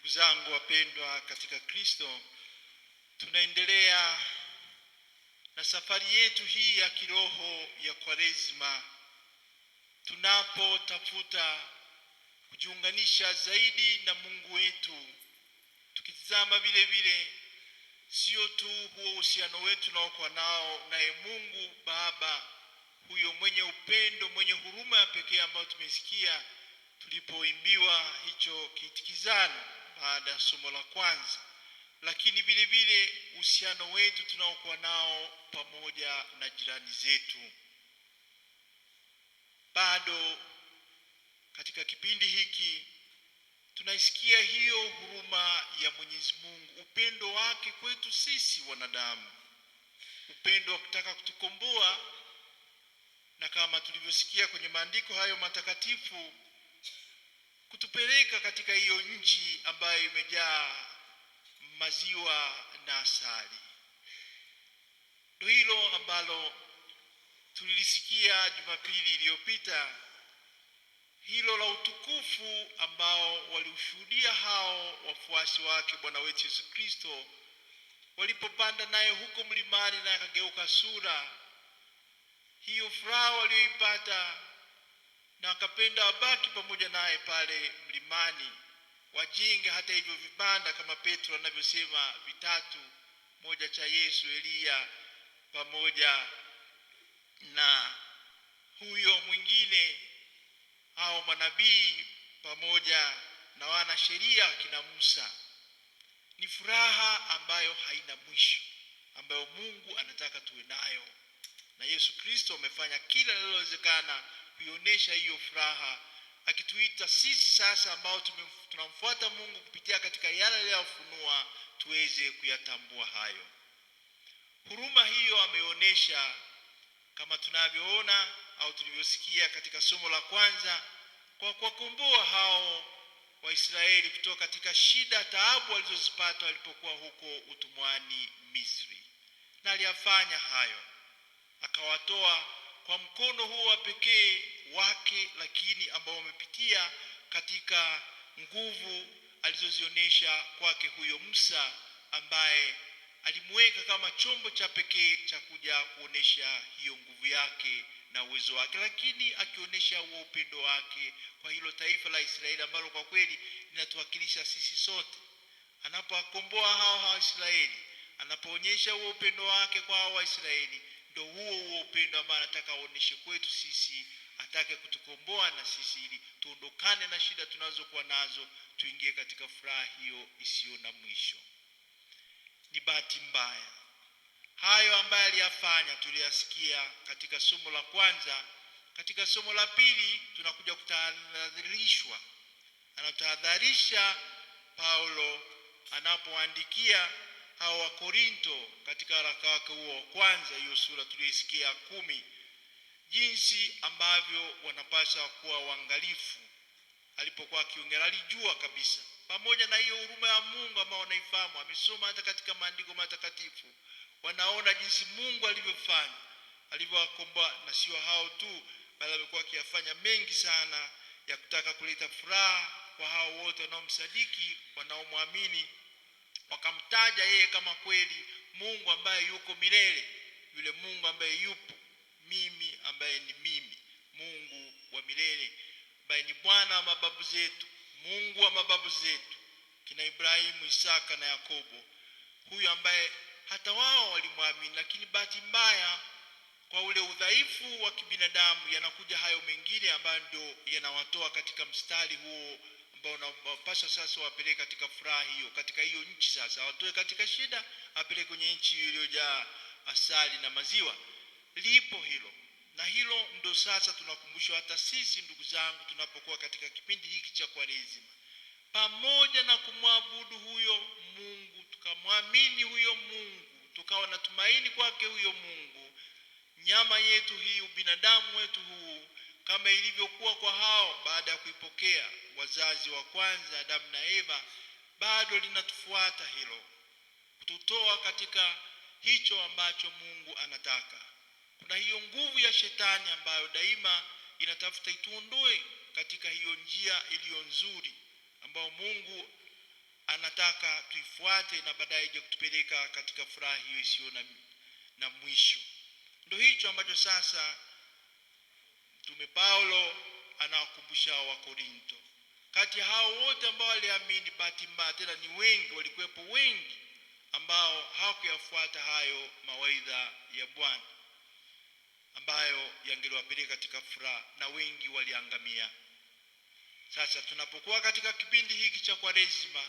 Ndugu zangu wapendwa katika Kristo, tunaendelea na safari yetu hii ya kiroho ya Kwaresma, tunapotafuta kujiunganisha zaidi na Mungu wetu, tukitizama vile vile sio tu huo uhusiano wetu unaokuwa nao naye Mungu Baba huyo mwenye upendo, mwenye huruma ya pekee ambayo tumesikia tulipoimbiwa hicho kiitikizano baada ya somo la kwanza, lakini vile vile uhusiano wetu tunaokuwa nao pamoja na jirani zetu. Bado katika kipindi hiki tunaisikia hiyo huruma ya Mwenyezi Mungu, upendo wake kwetu sisi wanadamu, upendo wa kutaka kutukomboa, na kama tulivyosikia kwenye maandiko hayo matakatifu kutupeleka katika hiyo nchi ambayo imejaa maziwa na asali. Ndio hilo ambalo tulilisikia Jumapili iliyopita, hilo la utukufu ambao waliushuhudia hao wafuasi wake Bwana wetu Yesu Kristo walipopanda naye huko mlimani na akageuka sura. Hiyo furaha waliyoipata na akapenda abaki pamoja naye pale mlimani. Wajinga hata hivyo vibanda kama Petro anavyosema vitatu, moja cha Yesu, Eliya pamoja na huyo mwingine au manabii pamoja na wana sheria kina Musa. Ni furaha ambayo haina mwisho ambayo Mungu anataka tuwe nayo, na Yesu Kristo amefanya kila linalowezekana kuionyesha hiyo furaha, akituita sisi sasa ambao tunamfuata Mungu kupitia katika yale aliyofunua tuweze kuyatambua hayo. Huruma hiyo ameonyesha kama tunavyoona au tulivyosikia katika somo la kwanza, kwa kuwakomboa hao Waisraeli kutoka katika shida, taabu walizozipata walipokuwa huko utumwani Misri, na aliyafanya hayo akawatoa kwa mkono huo wa pekee wake, lakini ambao wamepitia katika nguvu alizozionyesha kwake huyo Musa ambaye alimweka kama chombo cha pekee cha kuja kuonesha hiyo nguvu yake na uwezo wake, lakini akionyesha huo upendo wake kwa hilo taifa la Israeli ambalo kwa kweli linatuwakilisha sisi sote. Anapowakomboa hao Waisraeli, anapoonyesha huo upendo wake kwa hao Waisraeli Ndo huo huo upendo ambao anataka aonyeshe kwetu sisi, atake kutukomboa na sisi, ili tuondokane na shida tunazokuwa nazo, tuingie katika furaha hiyo isiyo na mwisho. Ni bahati mbaya hayo ambayo aliyafanya tuliyasikia katika somo la kwanza. Katika somo la pili tunakuja kutahadharishwa, anatahadharisha Paulo anapoandikia wa korinto katika waraka wake huo wa kwanza, hiyo sura tuliyoisikia kumi, jinsi ambavyo wanapaswa kuwa waangalifu alipokuwa akiongea. Alijua kabisa, pamoja na hiyo huruma ya Mungu ambao wanaifahamu, amesoma hata katika maandiko matakatifu, wanaona jinsi Mungu alivyofanya, alivyowakomboa, na sio hao tu, bali amekuwa akiyafanya mengi sana ya kutaka kuleta furaha kwa hao wote wanaomsadiki, wanaomwamini wakamtaja yeye kama kweli Mungu ambaye yuko milele, yule Mungu ambaye yupo mimi, ambaye ni mimi, Mungu wa milele, ambaye ni Bwana wa mababu zetu, Mungu wa mababu zetu kina Ibrahimu, Isaka na Yakobo, huyu ambaye hata wao walimwamini, lakini bahati mbaya kwa ule udhaifu wa kibinadamu yanakuja hayo mengine ambayo ndio yanawatoa katika mstari huo ambao unapaswa sasa wapeleke katika furaha hiyo, katika hiyo nchi sasa, watoe katika shida, apeleke kwenye nchi iliyojaa asali na maziwa. Lipo hilo na hilo ndo sasa tunakumbushwa hata sisi ndugu zangu, tunapokuwa katika kipindi hiki cha Kwaresima, pamoja na kumwabudu huyo Mungu, tukamwamini huyo Mungu, tukawa na tumaini kwake huyo Mungu, nyama yetu hii, ubinadamu wetu huu, kama ilivyokuwa kwa hao baada ya kuipokea wazazi wa kwanza Adamu na Eva, bado linatufuata hilo, kututoa katika hicho ambacho Mungu anataka. Kuna hiyo nguvu ya shetani ambayo daima inatafuta ituondoe katika hiyo njia iliyo nzuri ambayo Mungu anataka tuifuate, na baadaye ije kutupeleka katika furaha hiyo isiyo na, na mwisho. Ndio hicho ambacho sasa Mtume Paulo anawakumbusha Korinto. Kati hao wote ambao waliamini, bahati mbaya tena ni wengi, walikuwepo wengi ambao hawakuyafuata hayo mawaidha ya Bwana ambayo yangeliwapeleka katika furaha, na wengi waliangamia. Sasa tunapokuwa katika kipindi hiki cha Kwaresima,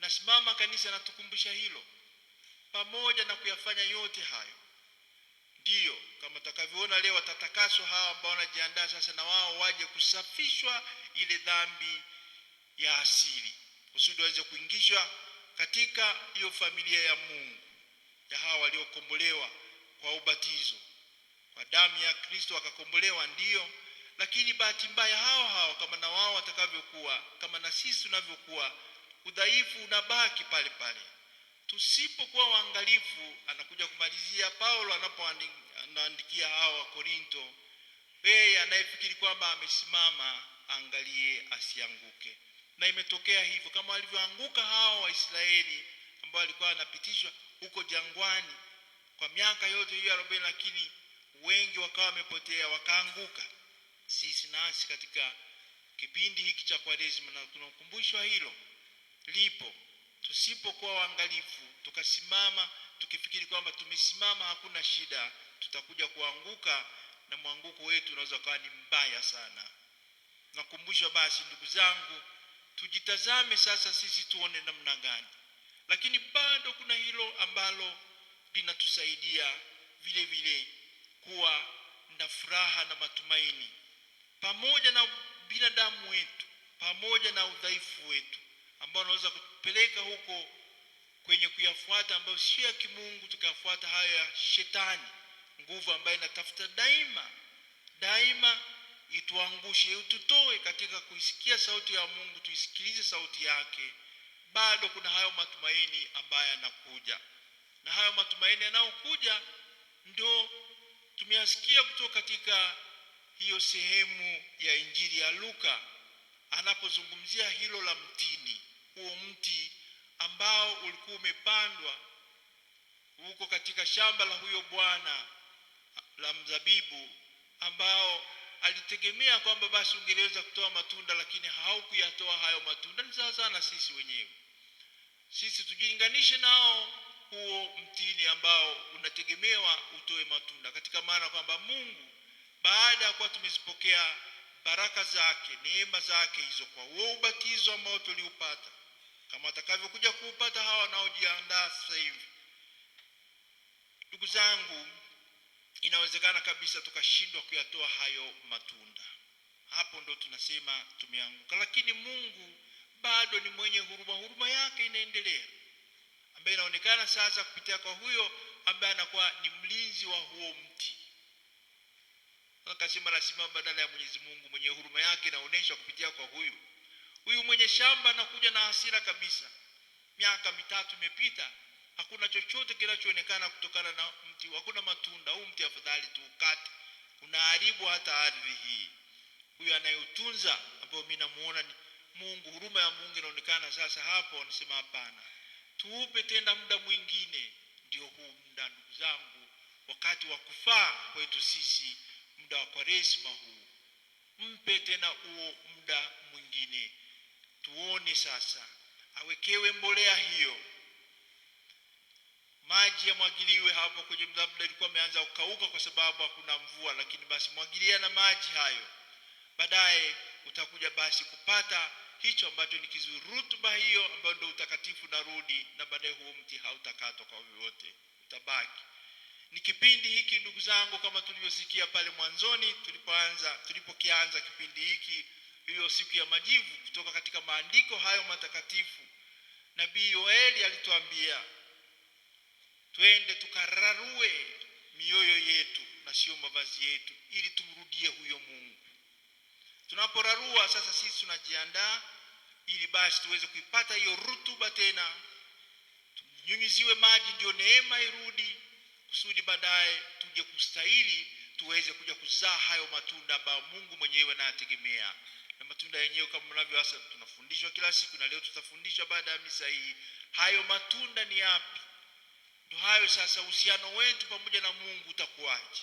nasimama kanisa natukumbusha hilo, pamoja na kuyafanya yote hayo Ndiyo, kama utakavyoona leo watatakaswa hawa ambao wanajiandaa sasa na wao waje kusafishwa ile dhambi ya asili, kusudi waweze kuingishwa katika hiyo familia ya Mungu ya hawa waliokombolewa kwa ubatizo, kwa damu ya Kristo wakakombolewa, ndiyo. Lakini bahati mbaya hao hao kama na wao watakavyokuwa, kama na sisi tunavyokuwa, udhaifu unabaki pale pale. Tusipokuwa waangalifu, anakuja kumalizia Paulo anapoandikia hao wa Korinto, yeye anayefikiri kwamba amesimama angalie asianguke. Na imetokea hivyo, kama walivyoanguka hao Waisraeli ambao walikuwa wanapitishwa huko jangwani kwa miaka yote hiyo arobaini, lakini wengi wakawa wamepotea wakaanguka. Sisi nasi katika kipindi hiki cha Kwaresima na tunakumbushwa hilo lipo Tusipokuwa waangalifu, tukasimama tukifikiri kwamba tumesimama, hakuna shida, tutakuja kuanguka na mwanguko wetu unaweza kuwa ni mbaya sana. Nakumbushwa basi, ndugu zangu, tujitazame sasa sisi tuone namna gani. Lakini bado kuna hilo ambalo linatusaidia vile vile kuwa na furaha na matumaini, pamoja na binadamu wetu, pamoja na udhaifu wetu ambao unaweza kupeleka huko kwenye kuyafuata ambayo sio ya kimungu, tukayafuata hayo ya shetani, nguvu ambayo inatafuta daima daima ituangushe, ututoe katika kuisikia sauti ya Mungu, tuisikilize sauti yake. Bado kuna hayo matumaini ambayo yanakuja, na hayo matumaini yanayokuja ndio tumeyasikia kutoka katika hiyo sehemu ya Injili ya Luka anapozungumzia hilo la mtini huu mti ambao ulikuwa umepandwa huko katika shamba la huyo bwana la mzabibu, ambao alitegemea kwamba basi ungeweza kutoa matunda, lakini haukuyatoa hayo matunda. Ni sawa sana sisi wenyewe, sisi tujilinganishe nao huo mtini ambao unategemewa utoe matunda, katika maana kwamba Mungu baada ya kuwa tumezipokea baraka zake, neema zake hizo, kwa huo ubatizo ambao tuliupata kama atakavyokuja kuupata hawa wanaojiandaa sasa hivi. Ndugu zangu, inawezekana kabisa tukashindwa kuyatoa hayo matunda, hapo ndo tunasema tumeanguka, lakini Mungu bado ni mwenye huruma. Huruma yake inaendelea, ambaye inaonekana sasa kupitia kwa huyo ambaye anakuwa ni mlinzi wa huo mti. Akasema nasimama badala ya Mwenyezi Mungu mwenye huruma yake inaonyesha kupitia kwa huyu Huyu mwenye shamba anakuja na hasira kabisa, miaka mitatu imepita, hakuna chochote kinachoonekana kutokana na mti, hakuna matunda. Huu mti afadhali ukate, unaharibu hata ardhi hii. Huyu anayeutunza ambayo mimi namuona ni Mungu, huruma ya Mungu inaonekana sasa hapo. Anasema hapana, tuupe tena muda mwingine. Ndio huu muda, ndugu zangu, wakati wa kufaa kwetu sisi, muda wa Kwaresma huu, mpe tena huo muda jioni sasa, awekewe mbolea hiyo, maji yamwagiliwe hapo kwenye, labda ilikuwa ameanza kukauka kwa sababu hakuna mvua, lakini basi mwagilia na maji hayo, baadaye utakuja basi kupata hicho ambacho ni kizuri, rutuba hiyo ambayo ndio utakatifu narudi, na baadaye huo mti hautakatwa kwa vyovyote, utabaki. Ni kipindi hiki ndugu zangu, kama tulivyosikia pale mwanzoni tulipoanza tulipokianza kipindi hiki hiyo siku ya majivu kutoka katika maandiko hayo matakatifu. Nabii Yoeli alituambia twende tukararue mioyo yetu na sio mavazi yetu, ili tumrudie huyo Mungu. Tunaporarua sasa, sisi tunajiandaa ili basi tuweze kuipata hiyo rutuba tena, tunyunyiziwe maji, ndio neema irudi, kusudi baadaye tuje kustahili tuweze kuja kuzaa hayo matunda ambayo Mungu mwenyewe anayategemea na matunda yenyewe kama hasa tunafundishwa kila siku, na leo tutafundishwa baada ya misa hii. Hayo matunda ni yapi? Ndio hayo sasa. Uhusiano wetu pamoja na Mungu utakuwaje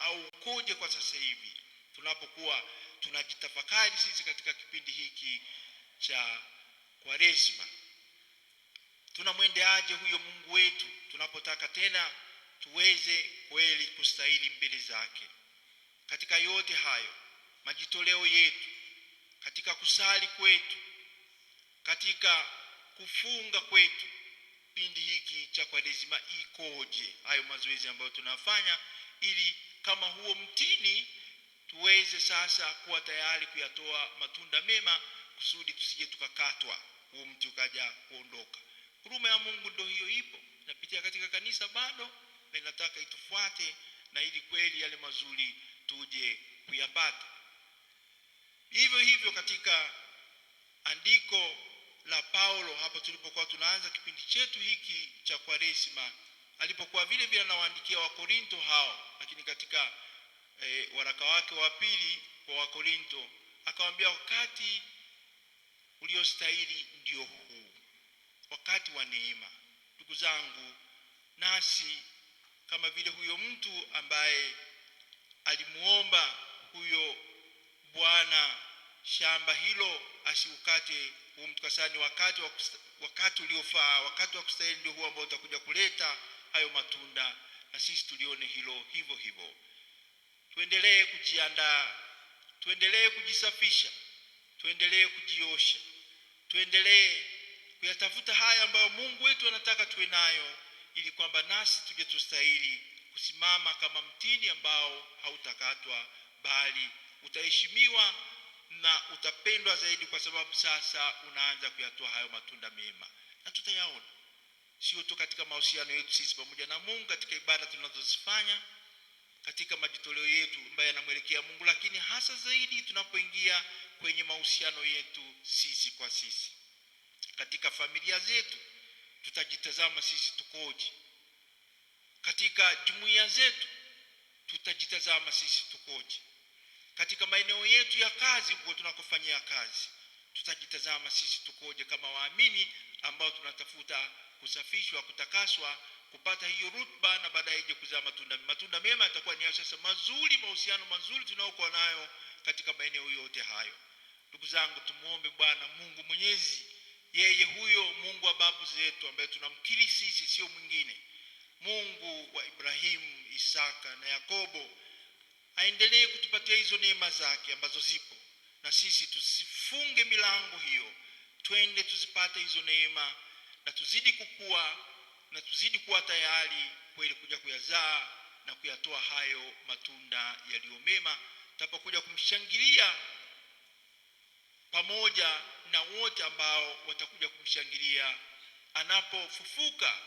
au ukoje kwa sasa hivi tunapokuwa tunajitafakari sisi katika kipindi hiki cha Kwaresma? Tunamwendeaje huyo Mungu wetu tunapotaka tena tuweze kweli kustahili mbele zake? Katika yote hayo majitoleo yetu katika kusali kwetu, katika kufunga kwetu, pindi hiki cha Kwaresima ikoje? Hayo mazoezi ambayo tunafanya ili kama huo mtini tuweze sasa kuwa tayari kuyatoa matunda mema, kusudi tusije tukakatwa, huo mti ukaja kuondoka. Huruma ya Mungu ndio hiyo, ipo inapitia katika kanisa bado, na inataka itufuate, na ili kweli yale mazuri tuje kuyapata. Hivyo hivyo katika andiko la Paulo hapa tulipokuwa tunaanza kipindi chetu hiki cha Kwaresima, alipokuwa vile vile anawaandikia Wakorinto hao, lakini katika e, waraka wake wa pili kwa Wakorinto akawaambia wakati uliostahili ndio huu, wakati wa neema. Ndugu zangu, nasi kama vile huyo mtu ambaye alimuomba huyo Bwana shamba hilo asiukate umtukasani, wakati wakati uliofaa, wakati wa kustahili ndio huo ambao utakuja kuleta hayo matunda, na sisi tulione hilo hivyo hivyo. Tuendelee kujiandaa, tuendelee kujisafisha, tuendelee kujiosha, tuendelee kuyatafuta haya ambayo Mungu wetu anataka tuwe nayo, ili kwamba nasi tuje tustahili kusimama kama mtini ambao hautakatwa bali utaheshimiwa na utapendwa zaidi, kwa sababu sasa unaanza kuyatoa hayo matunda mema, na tutayaona sio tu katika mahusiano yetu sisi pamoja na Mungu, katika ibada tunazozifanya, katika majitoleo yetu ambayo yanamwelekea Mungu, lakini hasa zaidi tunapoingia kwenye mahusiano yetu sisi kwa sisi, katika familia zetu tutajitazama sisi tukoje, katika jumuiya zetu tutajitazama sisi tukoje katika maeneo yetu ya kazi huko tunakofanyia kazi, tutajitazama sisi tukoje kama waamini ambao tunatafuta kusafishwa, kutakaswa, kupata hiyo rutba na baadaye ije kuzaa matunda. Matunda mema yatakuwa ni hayo sasa mazuri, mahusiano mazuri tunayokuwa nayo katika maeneo yote hayo. Ndugu zangu, tumuombe Bwana Mungu Mwenyezi, yeye huyo Mungu wa babu zetu ambaye tunamkiri sisi, sio mwingine, Mungu wa Ibrahimu, Isaka na Yakobo aendelee kutupatia hizo neema zake ambazo zipo, na sisi tusifunge milango hiyo, twende tuzipate hizo neema na tuzidi kukua na tuzidi kuwa tayari kweli kuja kuyazaa na kuyatoa hayo matunda yaliyo mema tutapokuja kumshangilia pamoja na wote ambao watakuja kumshangilia anapofufuka,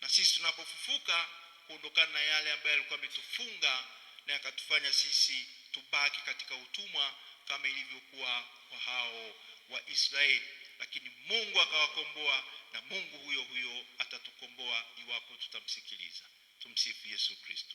na sisi tunapofufuka kuondokana na yale ambayo alikuwa ametufunga na akatufanya sisi tubaki katika utumwa kama ilivyokuwa kwa hao wa Israeli, lakini Mungu akawakomboa, na Mungu huyo huyo atatukomboa iwapo tutamsikiliza. Tumsifu Yesu Kristo.